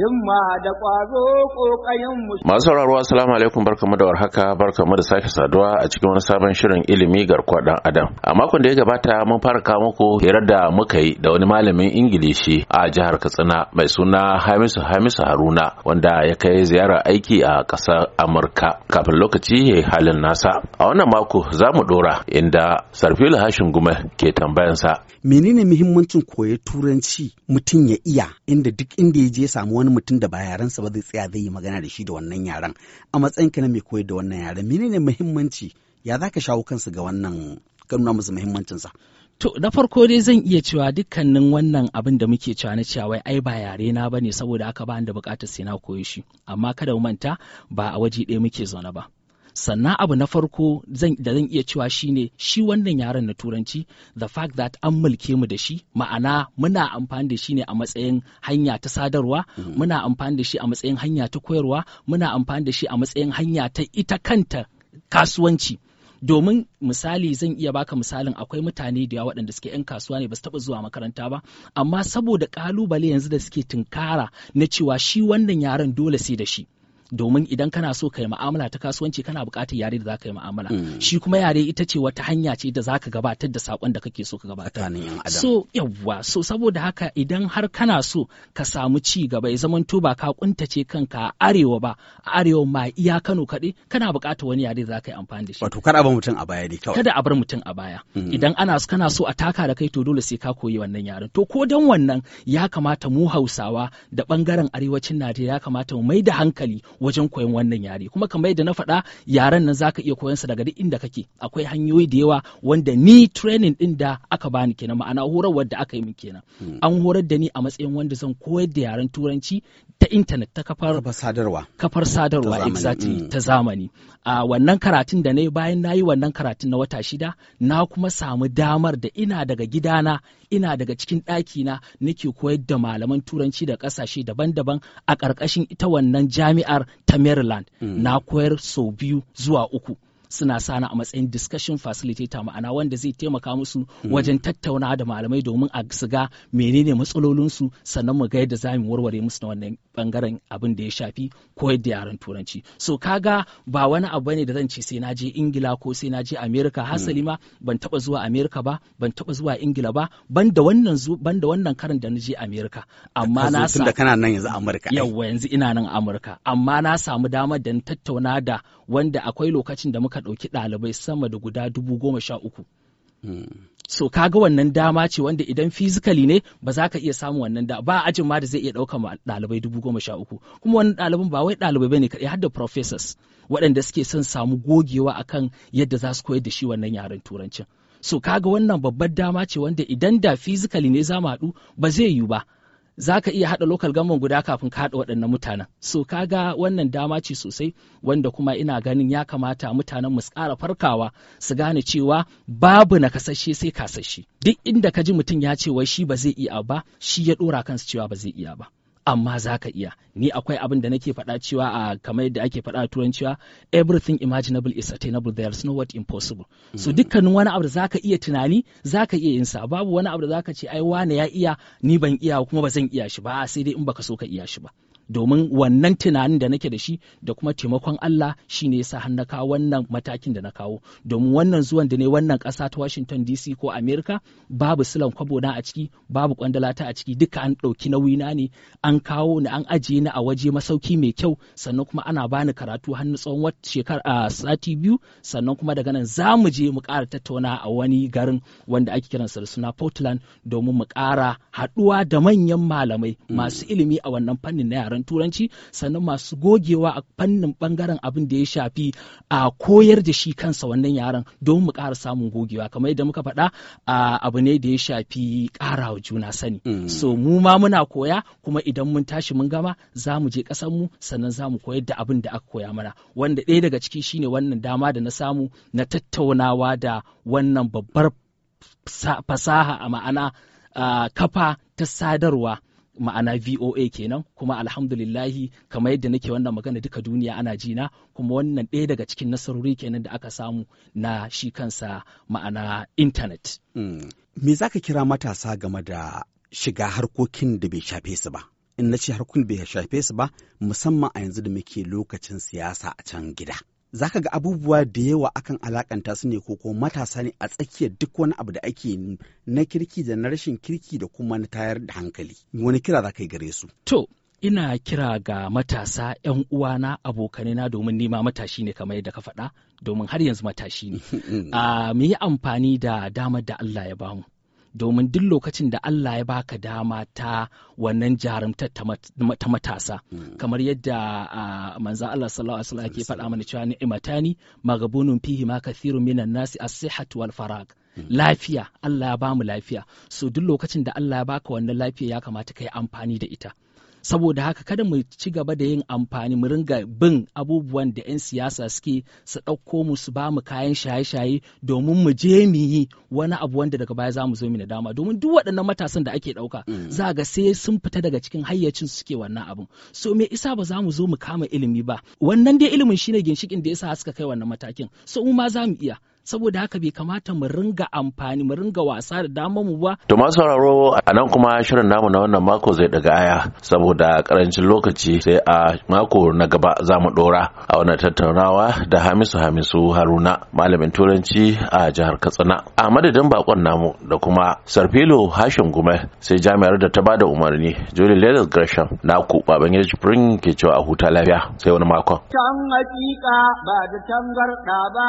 himma da ƙwazo ƙoƙayen musu. Masu sauraro assalamu alaikum barkamu da warhaka barkamu da sake saduwa a cikin wani sabon shirin ilimi garkuwa dan adam. A makon da ya gabata mun fara kawo muku hirar da muka yi da wani malamin Ingilishi a jihar Katsina mai suna Hamisu Hamisu Haruna wanda ya kai ziyara aiki a ƙasar Amurka kafin lokaci ya halin nasa. A wannan mako za mu ɗora inda Sarfilu Hashin Guma ke tambayansa. Menene muhimmancin koya turanci mutum ya iya inda duk inda ya je samu wani mutum da ba yarensa ba zai tsaya zai yi magana da shi da wannan yaren a matsayinka na mai koyar da wannan yaren menene muhimmanci ya za ka shawo kansu ga wannan ka nuna musu muhimmancinsa To, na farko dai zan iya cewa dukkanin wannan abin da muke cewa na cewa wai ai ba yare na bane saboda aka ba da bukatar sai na koyi shi, amma kada mu manta ba a waje ɗaya muke zaune ba. sannan abu na farko da zan iya cewa shine shi wannan yaren na turanci the fact that an mulke mu da shi ma'ana muna amfani da shi ne a matsayin hanya ta sadarwa mm-hmm. muna amfani da shi a matsayin hanya ta koyarwa muna amfani da shi a matsayin hanya ta ita kanta kasuwanci domin misali zan iya baka misalin akwai mutane da yawa waɗanda suke 'yan kasuwa ne ba su taɓa zuwa makaranta ba amma saboda ƙalubale yanzu da suke tunkara na cewa shi wannan yaren dole sai da shi domin idan kana so ka yi ma'amala ta kasuwanci kana buƙatar yare da za ka yi mu'amala mm. shi kuma yare ita ce wata hanya ce da za ka gabatar da sakon da kake so ka gabatar so yawwa so saboda haka idan har kana so ka samu ci gaba ya zaman ba ka kuntace kanka a arewa ba a arewa ma iya Kano kaɗai kana buƙatar wani yare da za ka yi amfani da shi wato kada a bar mutum a baya ne kawai kada a bar mutum a baya mm-hmm. idan ana kana so a taka da kai to dole sai ka koyi wannan yaren to ko dan wannan ya kamata mu Hausawa da bangaren arewacin Najeriya ya kamata mu mai da hankali wajen koyon wannan yare kuma kamar yadda na faɗa yaren nan zaka iya koyon sa daga duk inda kake akwai hanyoyi da yawa wanda ni training din da aka bani kenan ma'ana horar da aka yi min kenan hmm. an horar da ni a matsayin wanda zan koyar da yaren turanci ta intanet ta kafar sadarwa kafar sadarwa exactly hmm. ta zamani a wannan karatun da na yi bayan na yi wannan karatun na wata shida na kuma samu damar da ina daga gidana ina daga cikin ɗakina nake koyar da malaman turanci da ƙasashe daban-daban a ƙarƙashin ita wannan jami'ar ta Maryland. Mm. Na koyar sau biyu zuwa uku. suna sana a matsayin discussion facilitator ma'ana wanda zai taimaka musu hmm. wajen tattauna da malamai domin a su ga menene matsalolinsu sannan mu ga yadda za mu warware musu na wannan bangaren abin da ya shafi koyar da yaran turanci so kaga ba wani abu bane da zan ce sai na je ingila ko sai na je america hmm. hasali ma ban taba zuwa america ba ban taba zuwa ingila ba ban da wannan ban da wannan karin da na je america amma na sa tunda kana nan yanzu america yawa yanzu ina nan america amma na samu damar da tattauna da wanda akwai lokacin da muka ɗauki ɗalibai sama da guda dubu goma sha uku. Hmm. So kaga wannan dama ce wanda idan fizikali ne ba za ka iya samun wannan da ba ajin ma da zai iya ɗauka ɗalibai dubu goma sha uku kuma wani ɗaliban ba wai ɗalibai bane kaɗai har da professors waɗanda suke son samu gogewa akan yadda za su koyar da shi wannan yaren turancin. So kaga wannan babbar dama ce wanda idan da fizikali ne za mu haɗu ba zai yiwu ba za ka iya haɗa lokal government guda kafin ka haɗa waɗannan mutanen so ga wannan dama ce sosai wanda kuma ina ganin ya kamata mutanen su ƙara farkawa su gane cewa babu na kasashe sai kasashe duk inda ka ji mutum ya ce wai shi ba zai iya ba shi ya ɗora kansu cewa ba zai iya ba amma za ka iya ni akwai abin da nake faɗa cewa a kamar yadda ake faɗa a turanci everything imaginable is attainable is no what impossible mm -hmm. so dukkanin wani abu da za ka iya tunani za ka iya yin sa babu wani abu da za ka ce ai wane ya iya ni ban iya kuma ba zan iya shi ba sai dai in baka so ka iya shi ba domin wannan tunanin da nake da shi da kuma taimakon Allah shi ne yasa har na kawo wannan matakin da na kawo domin wannan zuwan da ne wannan ƙasa ta Washington DC ko America babu silan kwabo na a ciki babu kwandala ta a ciki duka an ɗauki nauyi na ne an kawo ni an ajiye ni a waje masauki mai kyau sannan kuma ana bani karatu hannu tsawon shekara a sati biyu sannan kuma daga nan za mu je mu kara tattauna a wani garin wanda ake kiran da suna Portland domin mu kara haɗuwa da manyan malamai mm. masu ilimi a wannan fannin na yaren turanci sannan masu gogewa a fannin bangaren abin da ya shafi a koyar da shi kansa wannan yaren domin mu kara samun gogewa kamar yadda muka faɗa abu ne da ya shafi ƙara juna sani mm. so mu ma muna koya kuma idan idan mun tashi mun gama za mu je ƙasar mu sannan za mu koyar da abin da aka koya mana wanda ɗaya daga ciki shine wannan dama da na samu na tattaunawa da wannan babbar fasaha a ma'ana kafa ta sadarwa ma'ana VOA kenan kuma alhamdulillahi kamar yadda nake wannan magana duka duniya ana ji na kuma wannan ɗaya daga cikin nasarori kenan da aka samu na shi kansa ma'ana intanet. Hmm. Me zaka za ka kira matasa game da shiga harkokin da bai shafe su ba? in na ce harkokin bai shafe su ba musamman a yanzu da muke lokacin siyasa a can gida za ka ga abubuwa da yawa akan alakanta su ne ko ko matasa ne a tsakiyar duk wani abu da ake na kirki da na rashin kirki da kuma na tayar da hankali wani kira za ka yi gare su to ina kira ga matasa 'yan uwana abokanina domin nema matashi ne kamar yadda ka faɗa domin har yanzu matashi ne mm. ah, mu yi amfani da damar da Allah ya bamu domin duk lokacin da Allah ya baka dama ta wannan jarumta ta matasa hmm. kamar yadda manzan Allah sallallahu alaihi wasallam ke faɗa mana cewa ni magabunun fihi ma kathirun minan nasi as-sihhatu wal farag hmm. lafiya Allah ya bamu lafiya so duk lokacin da Allah ya baka wannan lafiya ya kamata ka yi amfani da ita saboda haka kada mu ci gaba da yin amfani mu ringa bin abubuwan da 'yan siyasa suke su ɗauko mu su ba mu kayan shaye-shaye domin mu je mu yi wani abu wanda daga baya za mu zo da dama domin duk waɗannan matasan da ake ɗauka mm. za ga sai sun fita daga cikin hayyacin suke wannan abun so me isa ba za mu zo mu kama ilimi ba wannan dai ilimin shine ginshikin da yasa suka kai wannan matakin so mu ma za mu iya saboda haka bai kamata mu ringa amfani mu ringa wasa da damar mu ba to masu sauraro a nan kuma shirin namu na wannan mako zai daga aya saboda karancin lokaci sai a mako na gaba za mu dora a wannan tattaunawa da Hamisu Hamisu Haruna malamin turanci a jihar Katsina a madadin bakon namu da kuma Sarfilo Hashim gumai sai jami'ar da ta ba da umarni Julie Lewis Gresham naku Babangida Spring ke cewa a huta lafiya sai wani makon can hakika ba da tangarda ba